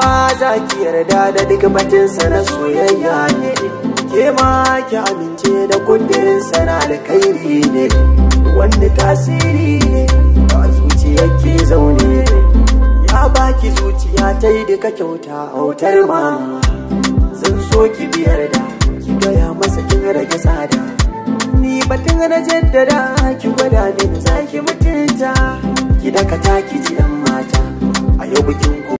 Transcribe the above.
amma za ki yarda da duk sa na soyayya ne ke ma ki amince da sa na alkhairi ne wanda tasiri ne ba zuciya ke zaune ya baki zuciya ta yi duka kyauta autar ma zan so ki bi yarda ki gaya masa kin rage tsada ni batun na jaddada ki gwada min zaki mutunta ki dakata ki ji dan mata a yau bikin ku